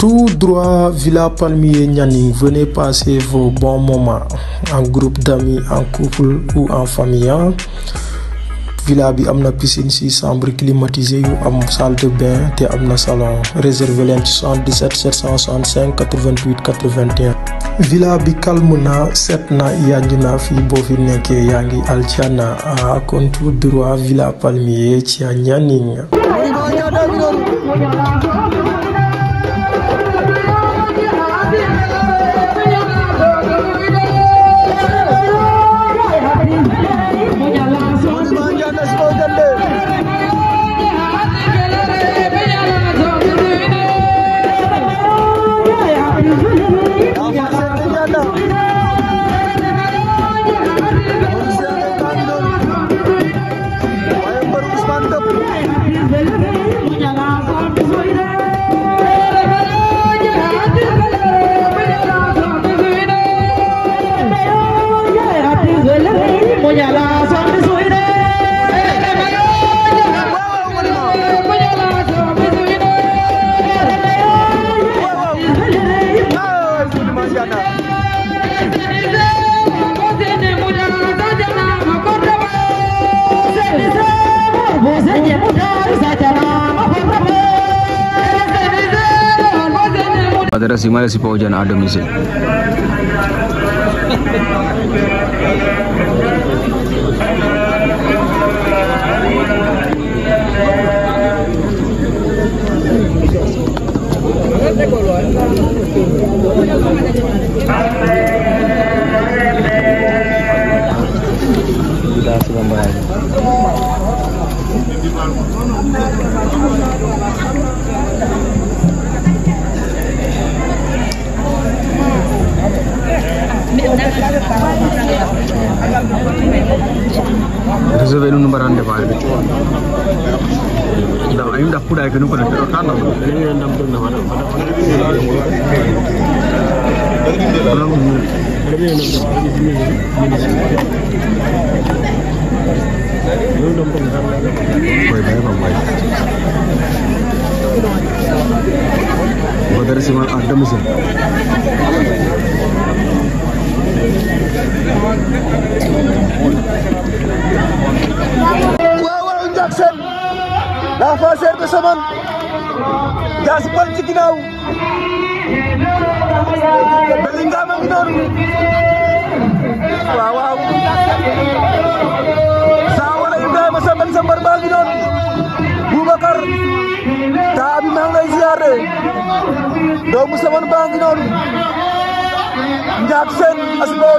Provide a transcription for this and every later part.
Tout droit Villa Palmier Nyaning, venez passer vos bons moments en groupe d'amis, en couple ou en famille. Hein. villa bi Amna piscine ci chambre climatisée yu am salle de bain te amna salon Réservez 77 765 88 81. villa bi calme na yanjina na na fi à droit villa palmier ci Era assim, mas ada pau da ayum da kuda ga nuko da kana ne nan dan burna wala wala Madressatul mall أدمسة Thank you. la faseer de saman jaasi pal ci ginnaaw Bellingham a ngi noonu waaw waaw saa wala Ibrahima Samban Sambar baa ngi noonu taa bi lay ziyaare doomu saman baa ngi noonu as loo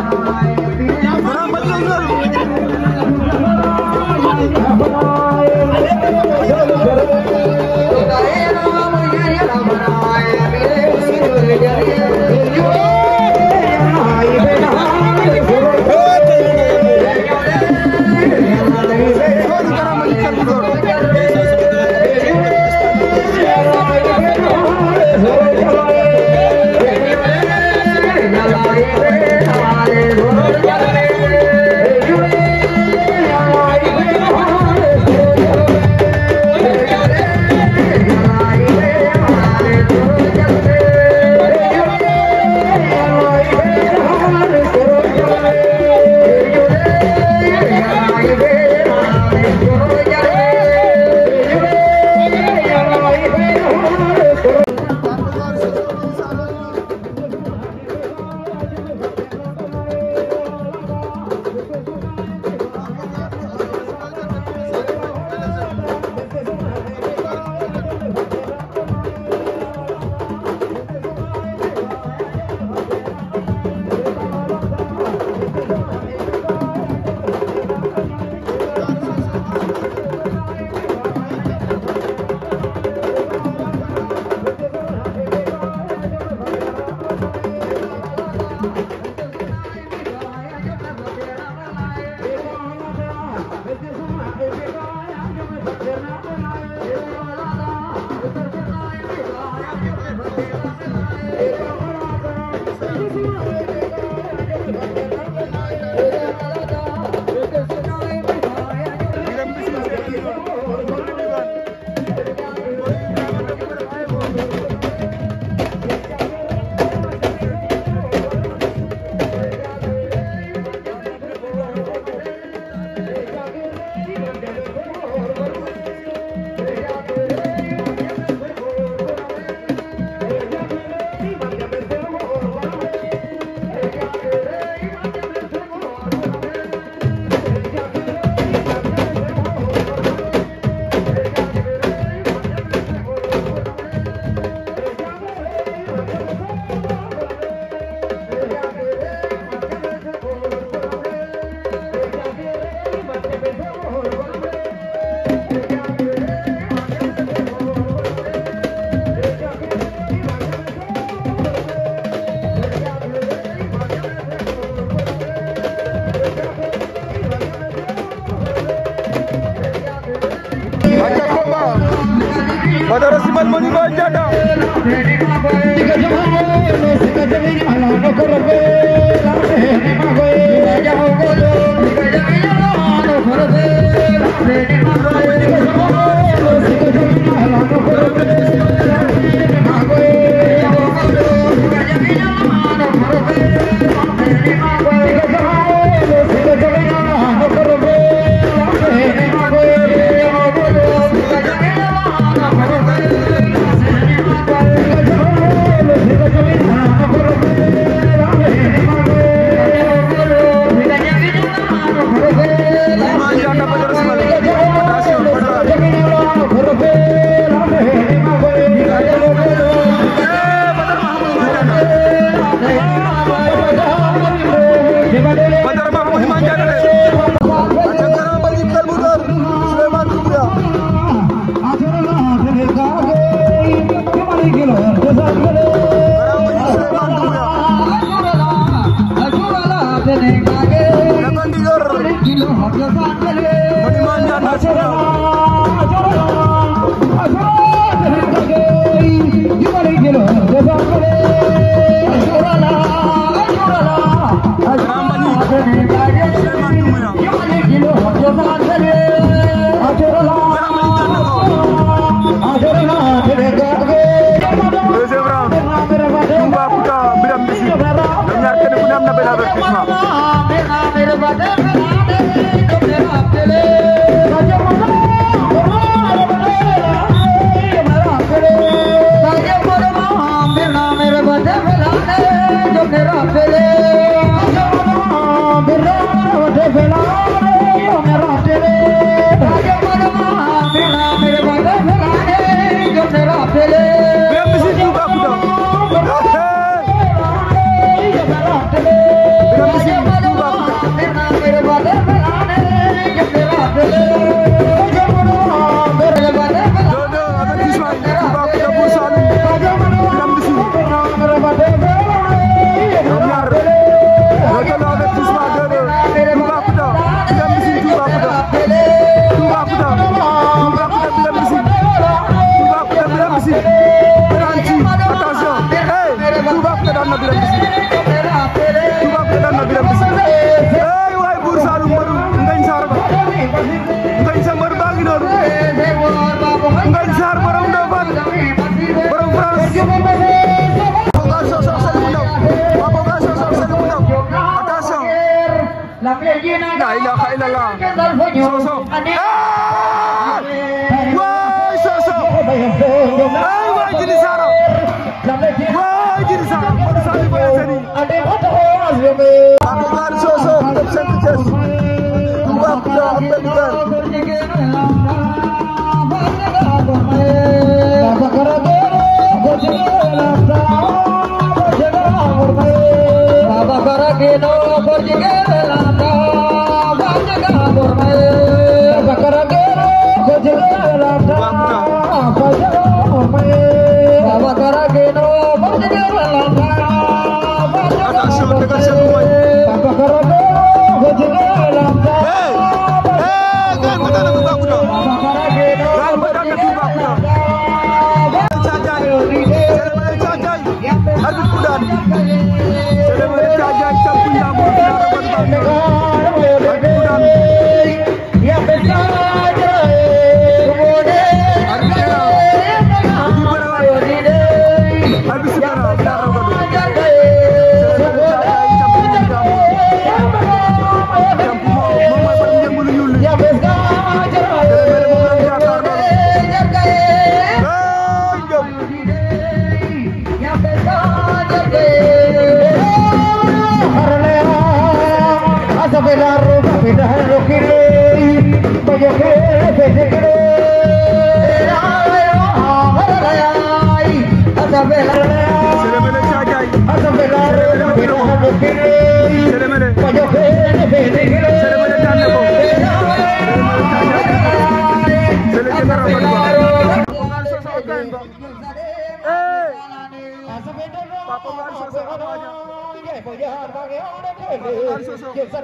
Bye. মনিগঞ্জ জাটা Thank you. Thank you. खराब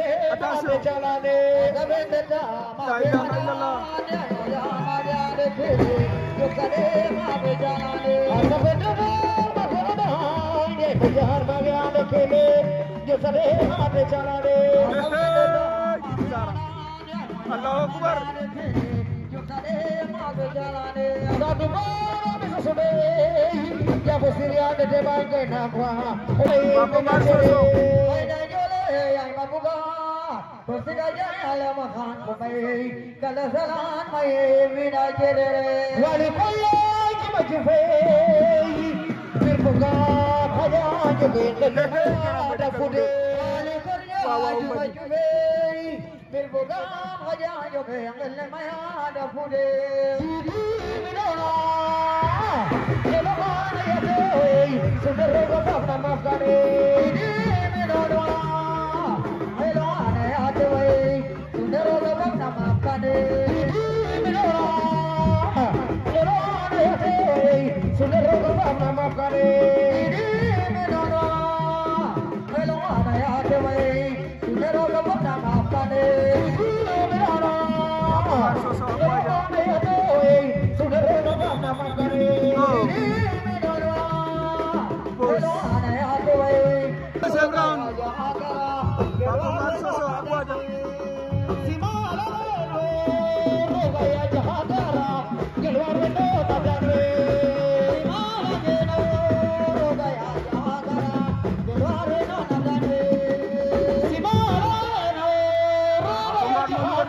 अटाशो चलाने गवे तेरा मावे जाने या मारे आने फिर जो करे मावे जाने गवे तेरा मावे बिहार मावे आने फिर जो करे मावे चलाने अल्लाह अकबर जो करे मावे जाने दादू मावे सुने क्या बुसिरिया के बांगे ना हुआ बाप मार सुनो اے یا محبوبا پھر سے گایا عالم خان میں گل زلال میں میرا جرے رے ولی کوئی مجھ میں پھر بھگا کھیاں جب دل لگا مدفود ولی کوئی مجھ میں پھر بھگا بھگیا جب انگل میں Hey!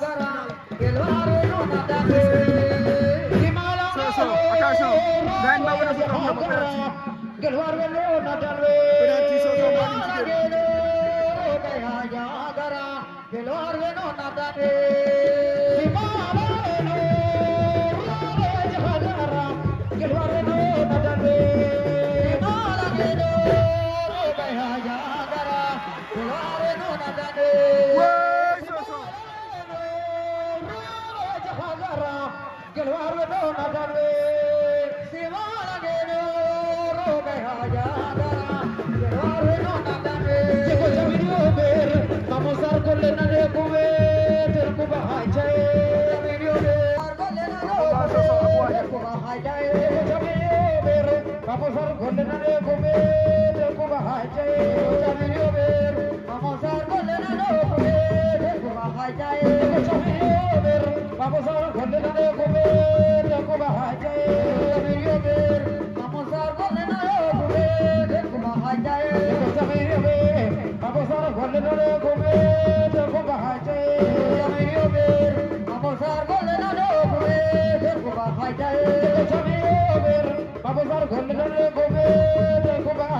Gelwar we no na dane অগ্রসর করলে না রে কবে দেখবা হাইছে চলে হবে অগ্রসর করলে না রে কবে দেখবা হাইছে চলে হবে অগ্রসর করলে না রে কবে দেখবা হাইছে চলে হবে অগ্রসর করলে না রে কবে দেখবা হাইছে চলে হবে অগ্রসর করলে না রে কবে দেখবা হাইছে চলে হবে धन धन गोबे Gauba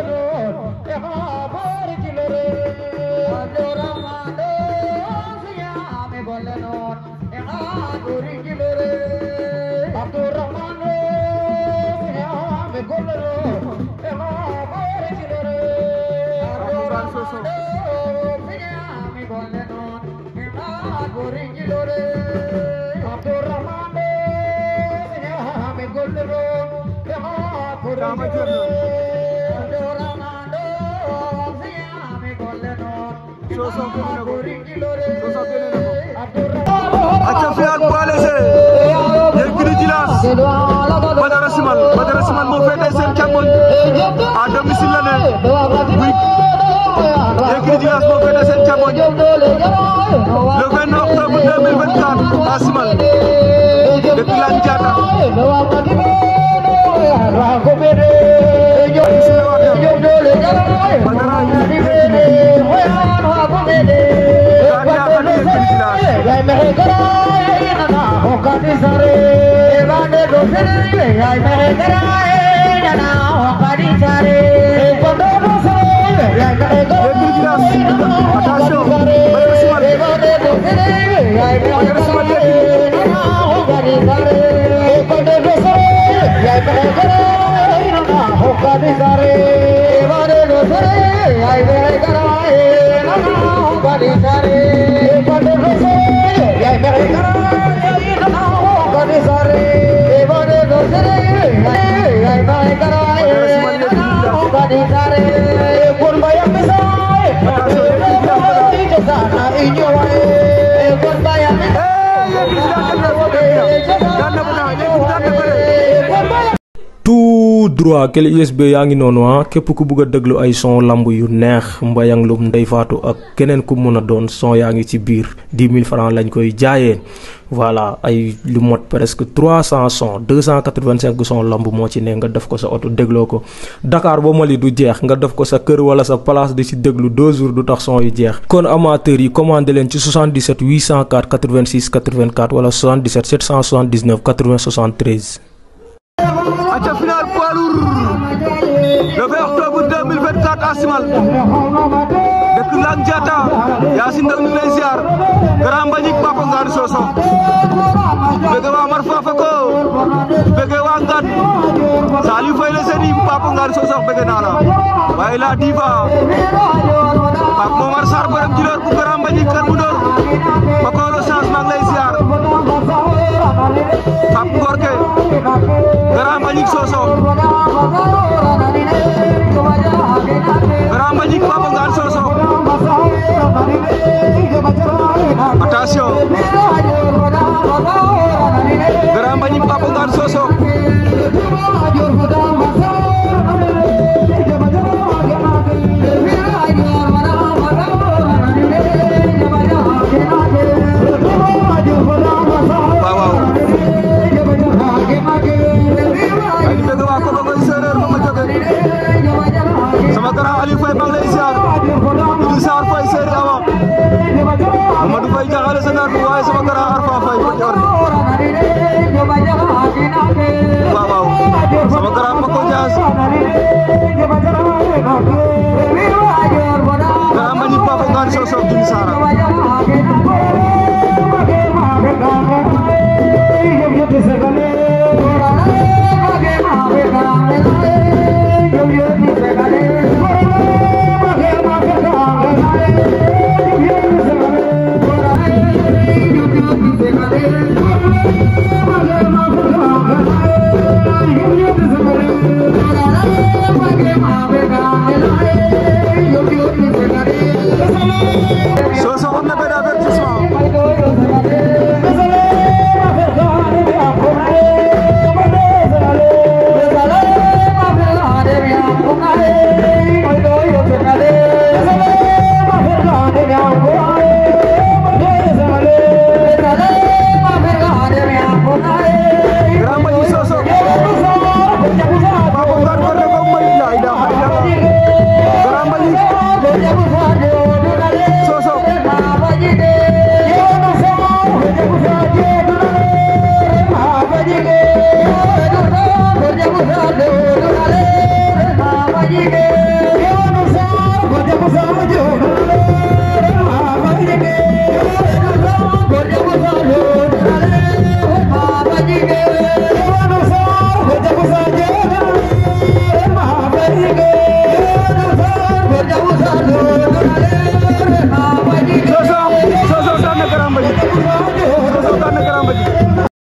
Acafian Balese, Yelkini Jilas, Adam جا لا وے جا لا وے ہويان هوا گلے جا لا وے جا لا وے ناں او گاري ساري اي وا اے آئے کرے کرے ناں او بني ساري 3 kële USB yaa ngi noonu ah képp ku bugg a déglu ay son lamb yu neex Mbayang Loum Ndeye Fatou ak keneen ku mun a doon son yaa ngi ci biir 10 000 francs lañ koy jaayee voilà ay lu mot presque 300 son 285 son lamb moo ci ne nga def ko sa oto dégloo ko Dakar ba Mali du jeex nga def ko sa kër wala sa place di ci déglu 2 jours du tax son yu jeex. kon amateurs yi commandé leen ci 77 804 86 84 wala 77 779 80 73. Darour le 20 octobre 2024 Asimal Lang Diatta Yacine Ndaw Grand Mbagnick Papa Ngane Sossokh bëgg waa Mar Fafako bëgg waa Ngat Saliou Faye seni Papa diva Pape Momar Sarr borom Djilor Grand Mbagnick Keur Mbundor Makoro Geram Sosok Geram Banyik Papenggan Sosok Atasio Geram Banyik Sosok